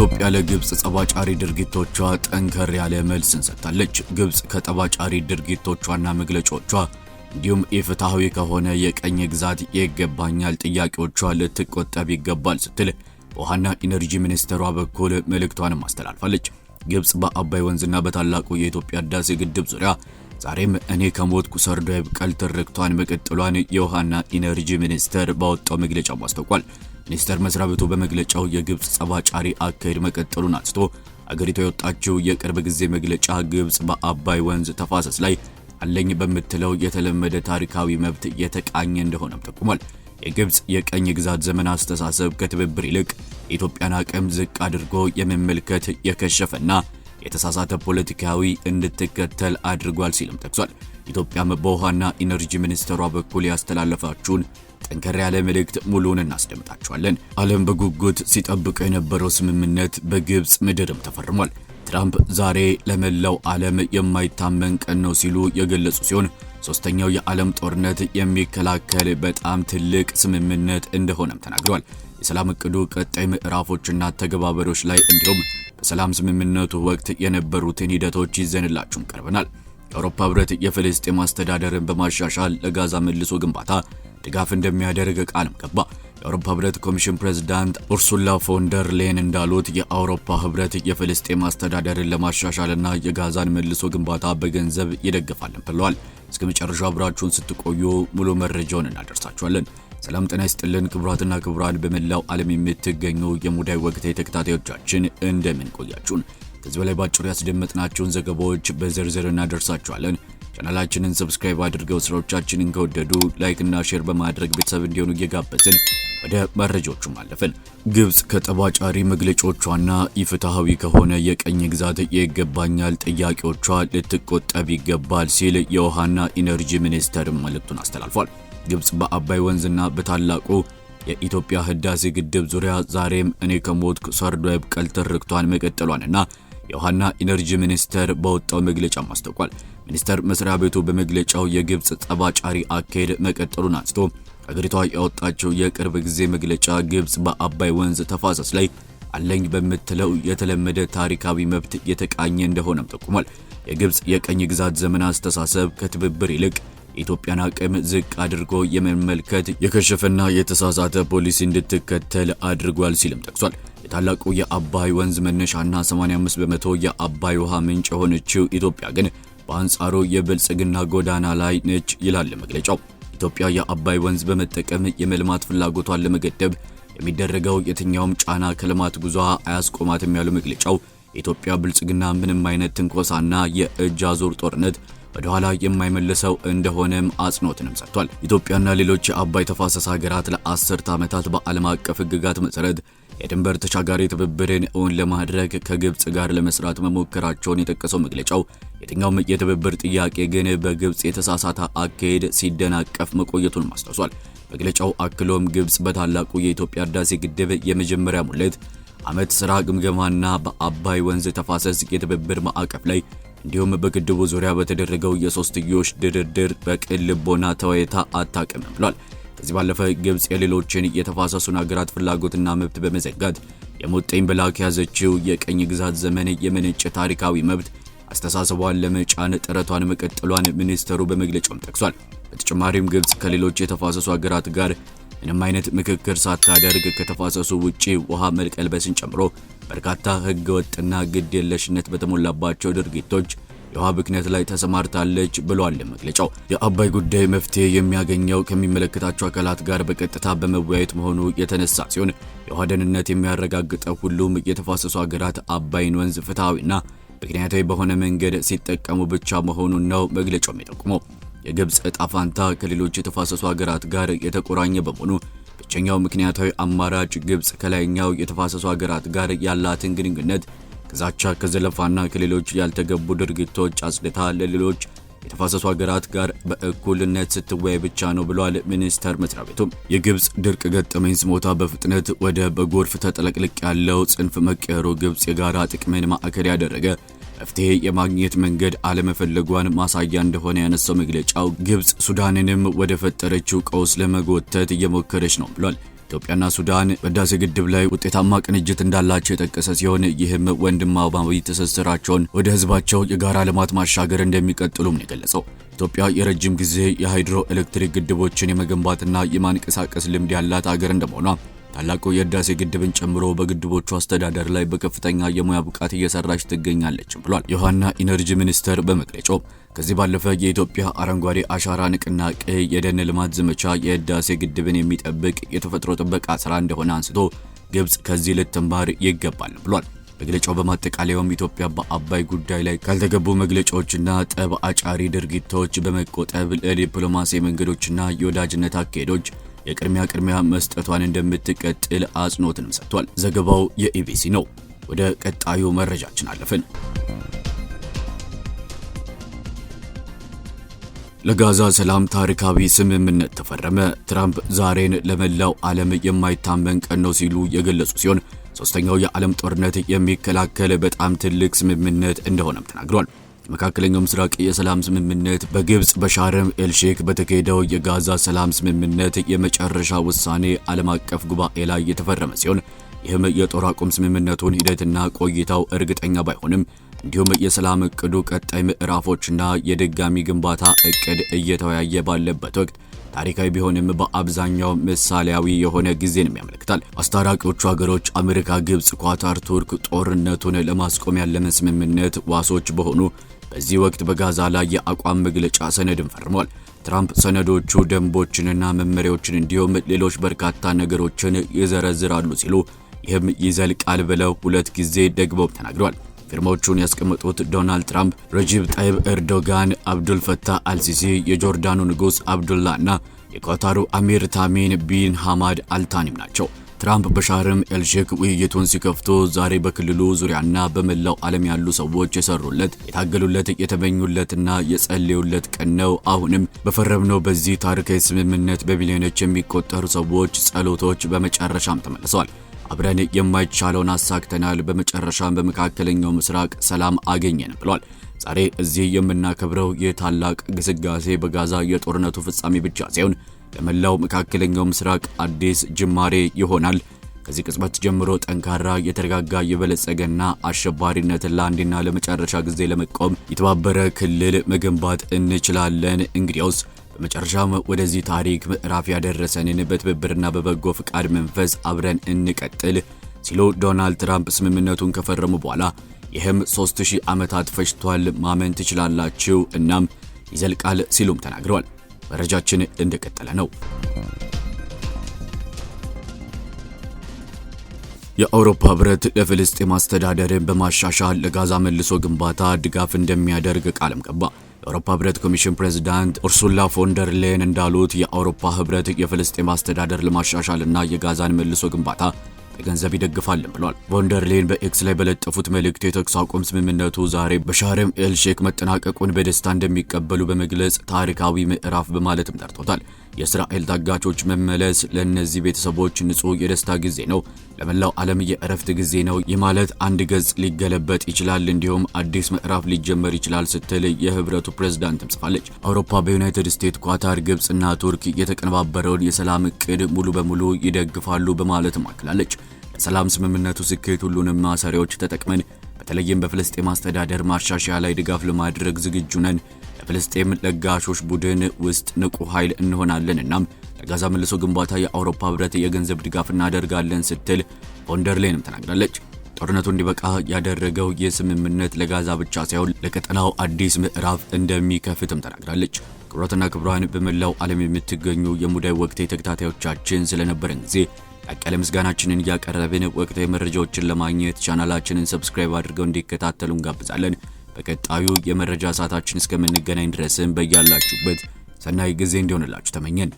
ኢትዮጵያ ለግብጽ ጠባጫሪ ድርጊቶቿ ጠንከር ያለ መልስ እንሰጥታለች። ግብጽ ከጠባጫሪ ድርጊቶቿና መግለጫዎቿ እንዲሁም ኢፍትሐዊ ከሆነ የቀኝ ግዛት ይገባኛል ጥያቄዎቿ ልትቆጠብ ይገባል ስትል በውሃና ኢነርጂ ሚኒስቴሯ በኩል መልእክቷንም አስተላልፋለች። ግብጽ በአባይ ወንዝና በታላቁ የኢትዮጵያ ሕዳሴ ግድብ ዙሪያ ዛሬም እኔ ከሞትኩ ሰርዶ ይብቀል ትርክቷን መቀጠሏን የውሃና ኢነርጂ ሚኒስቴር ባወጣው መግለጫ አስታውቋል። ሚኒስቴር መስሪያ ቤቱ በመግለጫው የግብፅ ጸባጫሪ አካሄድ መቀጠሉን አንስቶ አገሪቱ የወጣችው የቅርብ ጊዜ መግለጫ ግብፅ በአባይ ወንዝ ተፋሰስ ላይ አለኝ በምትለው የተለመደ ታሪካዊ መብት የተቃኘ እንደሆነም ጠቁሟል። የግብፅ የቀኝ ግዛት ዘመን አስተሳሰብ ከትብብር ይልቅ የኢትዮጵያን አቅም ዝቅ አድርጎ የመመልከት የከሸፈና የተሳሳተ ፖለቲካዊ እንድትከተል አድርጓል ሲልም ጠቅሷል። ኢትዮጵያም በውሃና ኢነርጂ ሚኒስቴሯ በኩል ያስተላለፋችሁን ጠንከር ያለ መልእክት ሙሉውን እናስደምጣችኋለን። ዓለም በጉጉት ሲጠብቀው የነበረው ስምምነት በግብፅ ምድርም ተፈርሟል። ትራምፕ ዛሬ ለመላው ዓለም የማይታመን ቀን ነው ሲሉ የገለጹ ሲሆን ሶስተኛው የዓለም ጦርነት የሚከላከል በጣም ትልቅ ስምምነት እንደሆነም ተናግረዋል። የሰላም እቅዱ ቀጣይ ምዕራፎችና ተገባበሮች ላይ እንዲሁም በሰላም ስምምነቱ ወቅት የነበሩትን ሂደቶች ይዘንላችሁን ቀርበናል። የአውሮፓ ህብረት የፍልስጤም አስተዳደርን በማሻሻል ለጋዛ መልሶ ግንባታ ድጋፍ እንደሚያደርግ ቃልም ገባ። የአውሮፓ ህብረት ኮሚሽን ፕሬዝዳንት ኡርሱላ ፎንደር ሌን እንዳሉት የአውሮፓ ህብረት የፍልስጤም አስተዳደርን ለማሻሻልና የጋዛን መልሶ ግንባታ በገንዘብ ይደግፋልን ብለዋል። እስከ መጨረሻው አብራችሁን ስትቆዩ ሙሉ መረጃውን እናደርሳችኋለን። ሰላም ጤና ይስጥልን ክቡራትና ክቡራን በመላው ዓለም የምትገኙ የሙዳይ ወቅታዊ ተከታታዮቻችን እንደምን ቆያችሁን? ከዚህ በላይ ባጭሩ ያስደመጥናቸውን ዘገባዎች በዝርዝር እናደርሳችኋለን። ቻናላችንን ሰብስክራይብ አድርገው ስራዎቻችንን ከወደዱ ላይክና ሼር በማድረግ ቤተሰብ እንዲሆኑ እየጋበዝን ወደ መረጃዎቹ ማለፍን። ግብጽ ከጠባጫሪ መግለጫዎቿና ኢፍትሐዊ ከሆነ የቀኝ ግዛት የይገባኛል ጥያቄዎቿ ልትቆጠብ ይገባል ሲል የውሃና ኢነርጂ ሚኒስተር መልእክቱን አስተላልፏል። ግብጽ በአባይ ወንዝና በታላቁ የኢትዮጵያ ህዳሴ ግድብ ዙሪያ ዛሬም እኔ ከሞትኩ ሰርዶ ይብቀል ትርክቷን መቀጠሏንና የውሃና ኢነርጂ ሚኒስቴር በወጣው መግለጫ አስታውቋል። ሚኒስቴር መስሪያ ቤቱ በመግለጫው የግብጽ ጸባጫሪ አካሄድ መቀጠሉን አንስቶ አገሪቷ ያወጣችው የቅርብ ጊዜ መግለጫ ግብጽ በአባይ ወንዝ ተፋሰስ ላይ አለኝ በምትለው የተለመደ ታሪካዊ መብት የተቃኘ እንደሆነም ጠቁሟል። የግብጽ የቀኝ ግዛት ዘመን አስተሳሰብ ከትብብር ይልቅ የኢትዮጵያን አቅም ዝቅ አድርጎ የመመልከት የከሸፈና የተሳሳተ ፖሊሲ እንድትከተል አድርጓል ሲልም ጠቅሷል። የታላቁ የአባይ ወንዝ መነሻና 85 በመቶ የአባይ ውሃ ምንጭ የሆነችው ኢትዮጵያ ግን በአንጻሩ የብልጽግና ጎዳና ላይ ነች ይላል መግለጫው። ኢትዮጵያ የአባይ ወንዝ በመጠቀም የመልማት ፍላጎቷን ለመገደብ የሚደረገው የትኛውም ጫና ከልማት ጉዞ አያስቆማትም ያለው መግለጫው የኢትዮጵያ ብልጽግና ምንም አይነት ትንኮሳና የእጅ አዙር ጦርነት ወደኋላ የማይመልሰው እንደሆነም አጽንኦትንም ሰጥቷል። ኢትዮጵያና ሌሎች የአባይ ተፋሰስ ሀገራት ለአስርት ዓመታት በዓለም አቀፍ ሕግጋት መሠረት የድንበር ተሻጋሪ ትብብርን እውን ለማድረግ ከግብፅ ጋር ለመስራት መሞከራቸውን የጠቀሰው መግለጫው የትኛውም የትብብር ጥያቄ ግን በግብፅ የተሳሳተ አካሄድ ሲደናቀፍ መቆየቱን አስታውሷል። መግለጫው አክሎም ግብፅ በታላቁ የኢትዮጵያ ህዳሴ ግድብ የመጀመሪያ ሙሌት ዓመት ሥራ ግምገማና በአባይ ወንዝ ተፋሰስ የትብብር ማዕቀፍ ላይ እንዲሁም በግድቡ ዙሪያ በተደረገው የሶስትዮሽ ድርድር በቅን ልቦና ተወያይታ አታውቅም ብሏል። ከዚህ ባለፈ ግብፅ የሌሎችን የተፋሰሱን ሀገራት ፍላጎትና መብት በመዘጋት የሙጥኝ ብላክ ያዘችው የቀኝ ግዛት ዘመን የመነጨ ታሪካዊ መብት አስተሳሰቧን ለመጫን ጥረቷን መቀጠሏን ሚኒስተሩ በመግለጫውም ጠቅሷል። በተጨማሪም ግብፅ ከሌሎች የተፋሰሱ ሀገራት ጋር ምንም አይነት ምክክር ሳታደርግ ከተፋሰሱ ውጪ ውሃ መልቀልበስን ጨምሮ በርካታ ህገ ወጥና ግድ የለሽነት በተሞላባቸው ድርጊቶች የውሃ ብክነት ላይ ተሰማርታለች ብሏል መግለጫው። የአባይ ጉዳይ መፍትሄ የሚያገኘው ከሚመለከታቸው አካላት ጋር በቀጥታ በመወያየት መሆኑ የተነሳ ሲሆን የውሃ ደህንነት የሚያረጋግጠው ሁሉም የተፋሰሱ ሀገራት አባይን ወንዝ ፍትሐዊና ምክንያታዊ በሆነ መንገድ ሲጠቀሙ ብቻ መሆኑን ነው መግለጫው የሚጠቁመው። የግብፅ ዕጣ ፋንታ ከሌሎች የተፋሰሱ ሀገራት ጋር የተቆራኘ በመሆኑ ብቸኛው ምክንያታዊ አማራጭ ግብፅ ከላይኛው የተፋሰሱ ሀገራት ጋር ያላትን ግንኙነት ከዛቻ ከዘለፋና ከሌሎች ያልተገቡ ድርጊቶች አጽድታ ለሌሎች የተፋሰሱ ሀገራት ጋር በእኩልነት ስትወያይ ብቻ ነው ብሏል ሚኒስቴር መስሪያ ቤቱ። የግብፅ ድርቅ ገጠመኝ ስሞታ በፍጥነት ወደ በጎርፍ ተጠለቅልቅ ያለው ጽንፍ መቀየሩ ግብፅ የጋራ ጥቅምን ማዕከል ያደረገ መፍትሄ የማግኘት መንገድ አለመፈለጓን ማሳያ እንደሆነ ያነሳው መግለጫው ግብፅ ሱዳንንም ወደ ፈጠረችው ቀውስ ለመጎተት እየሞከረች ነው ብሏል። ኢትዮጵያና ሱዳን በህዳሴ ግድብ ላይ ውጤታማ ቅንጅት እንዳላቸው የጠቀሰ ሲሆን ይህም ወንድማማዊ ትስስራቸውን ወደ ህዝባቸው የጋራ ልማት ማሻገር እንደሚቀጥሉም የገለጸው። ኢትዮጵያ የረጅም ጊዜ የሃይድሮ ኤሌክትሪክ ግድቦችን የመገንባትና የማንቀሳቀስ ልምድ ያላት አገር እንደመሆኗ ታላቁ የህዳሴ ግድብን ጨምሮ በግድቦቹ አስተዳደር ላይ በከፍተኛ የሙያ ብቃት እየሰራች ትገኛለች ብሏል የውሃና ኢነርጂ ሚኒስቴር በመግለጫው። ከዚህ ባለፈ የኢትዮጵያ አረንጓዴ አሻራ ንቅናቄ የደን ልማት ዘመቻ የህዳሴ ግድብን የሚጠብቅ የተፈጥሮ ጥበቃ ስራ እንደሆነ አንስቶ ግብጽ ከዚህ ልትማር ይገባል ብሏል። መግለጫው በማጠቃለያውም ኢትዮጵያ በአባይ ጉዳይ ላይ ካልተገቡ መግለጫዎችና ጠብ አጫሪ ድርጊቶች በመቆጠብ ለዲፕሎማሲ መንገዶችና የወዳጅነት አካሄዶች የቅድሚያ ቅድሚያ መስጠቷን እንደምትቀጥል አጽንኦትንም ሰጥቷል። ዘገባው የኢቢሲ ነው። ወደ ቀጣዩ መረጃችን አለፍን። ለጋዛ ሰላም ታሪካዊ ስምምነት ተፈረመ። ትራምፕ ዛሬን ለመላው ዓለም የማይታመን ቀን ነው ሲሉ የገለጹ ሲሆን ሶስተኛው የዓለም ጦርነት የሚከላከል በጣም ትልቅ ስምምነት እንደሆነም ተናግሯል። የመካከለኛው ምስራቅ የሰላም ስምምነት በግብጽ በሻረም ኤልሼክ በተካሄደው የጋዛ ሰላም ስምምነት የመጨረሻ ውሳኔ ዓለም አቀፍ ጉባኤ ላይ የተፈረመ ሲሆን ይህም የጦር አቁም ስምምነቱን ሂደትና ቆይታው እርግጠኛ ባይሆንም እንዲሁም የሰላም እቅዱ ቀጣይ ምዕራፎችና የድጋሚ ግንባታ እቅድ እየተወያየ ባለበት ወቅት ታሪካዊ ቢሆንም በአብዛኛው ምሳሌያዊ የሆነ ጊዜንም ያመለክታል። አስታራቂዎቹ ሀገሮች አሜሪካ፣ ግብጽ፣ ኳታር፣ ቱርክ ጦርነቱን ለማስቆም ያለመ ስምምነት ዋሶች በሆኑ በዚህ ወቅት በጋዛ ላይ የአቋም መግለጫ ሰነድን ፈርሟል። ትራምፕ ሰነዶቹ ደንቦችንና መመሪያዎችን እንዲሁም ሌሎች በርካታ ነገሮችን ይዘረዝራሉ ሲሉ ይህም ይዘልቃል ብለው ሁለት ጊዜ ደግመው ተናግረዋል። ፊርማዎቹን ያስቀመጡት ዶናልድ ትራምፕ፣ ረጂብ ጣይብ ኤርዶጋን፣ አብዱል ፈታህ አልሲሲ፣ የጆርዳኑ ንጉሥ አብዱላ እና የኳታሩ አሚር ታሚን ቢን ሐማድ አልታኒም ናቸው። ትራምፕ በሻርም ኤልሼክ ውይይቱን ሲከፍቱ ዛሬ በክልሉ ዙሪያና በመላው ዓለም ያሉ ሰዎች የሰሩለት የታገሉለት የተመኙለትና የጸለዩለት ቀን ነው። አሁንም በፈረምነው በዚህ ታሪካዊ ስምምነት በሚሊዮኖች የሚቆጠሩ ሰዎች ጸሎቶች በመጨረሻም ተመልሰዋል። አብረን የማይቻለውን አሳክተናል፣ በመጨረሻም በመካከለኛው ምስራቅ ሰላም አገኘን ብሏል። ዛሬ እዚህ የምናከብረው ይህ ታላቅ ግስጋሴ በጋዛ የጦርነቱ ፍጻሜ ብቻ ሳይሆን ለመላው መካከለኛው ምስራቅ አዲስ ጅማሬ ይሆናል። ከዚህ ቅጽበት ጀምሮ ጠንካራ፣ የተረጋጋ፣ የበለጸገና አሸባሪነትን ለአንድና ለመጨረሻ ጊዜ ለመቆም የተባበረ ክልል መገንባት እንችላለን። እንግዲያውስ በመጨረሻም ወደዚህ ታሪክ ምዕራፍ ያደረሰንን በትብብርና በበጎ ፍቃድ መንፈስ አብረን እንቀጥል ሲሉ ዶናልድ ትራምፕ ስምምነቱን ከፈረሙ በኋላ ይህም 3000 ዓመታት ፈጅቷል፣ ማመን ትችላላችሁ፣ እናም ይዘልቃል ሲሉም ተናግረዋል። መረጃችን እንደቀጠለ ነው። የአውሮፓ ህብረት ለፍልስጤም አስተዳደርን በማሻሻል ለጋዛ መልሶ ግንባታ ድጋፍ እንደሚያደርግ ቃለም ገባ። የአውሮፓ ህብረት ኮሚሽን ፕሬዝዳንት ኡርሱላ ፎንደር ሌን እንዳሉት የአውሮፓ ህብረት የፍልስጤም አስተዳደር ለማሻሻልና የጋዛን መልሶ ግንባታ በገንዘብ ይደግፋልን ብሏል። ቮንደርሌን በኤክስ ላይ በለጠፉት መልእክት የተኩስ አቁም ስምምነቱ ዛሬ በሻርም ኤልሼክ መጠናቀቁን በደስታ እንደሚቀበሉ በመግለጽ ታሪካዊ ምዕራፍ በማለትም ጠርቶታል። የእስራኤል ታጋቾች መመለስ ለእነዚህ ቤተሰቦች ንጹህ የደስታ ጊዜ ነው፣ ለመላው ዓለም የእረፍት ጊዜ ነው። ይህ ማለት አንድ ገጽ ሊገለበጥ ይችላል፣ እንዲሁም አዲስ ምዕራፍ ሊጀመር ይችላል ስትል የህብረቱ ፕሬዝዳንትም ጽፋለች። አውሮፓ በዩናይትድ ስቴትስ፣ ኳታር፣ ግብጽ እና ቱርክ የተቀነባበረውን የሰላም እቅድ ሙሉ በሙሉ ይደግፋሉ በማለትም አክላለች። በሰላም ስምምነቱ ስኬት ሁሉንም ማሰሪያዎች ተጠቅመን በተለይም በፍልስጤም አስተዳደር ማሻሻያ ላይ ድጋፍ ለማድረግ ዝግጁ ነን። ለፍልስጤም ለጋሾች ቡድን ውስጥ ንቁ ኃይል እንሆናለን። እናም ለጋዛ መልሶ ግንባታ የአውሮፓ ህብረት የገንዘብ ድጋፍ እናደርጋለን ስትል ቮንደርሌንም ተናግራለች። ጦርነቱ እንዲበቃ ያደረገው ይህ ስምምነት ለጋዛ ብቻ ሳይሆን ለቀጠናው አዲስ ምዕራፍ እንደሚከፍትም ተናግራለች። ክብሯትና ክብሯን በመላው ዓለም የምትገኙ የሙዳይ ወቅቴ ተከታታዮቻችን ስለነበረን ጊዜ ያቀለ ምስጋናችንን እያቀረብን ወቅታዊ መረጃዎችን ለማግኘት ቻናላችንን ሰብስክራይብ አድርገው እንዲከታተሉ እንጋብዛለን። በቀጣዩ የመረጃ ሰዓታችን እስከምንገናኝ ድረስም በያላችሁበት ሰናይ ጊዜ እንዲሆንላችሁ ተመኘን።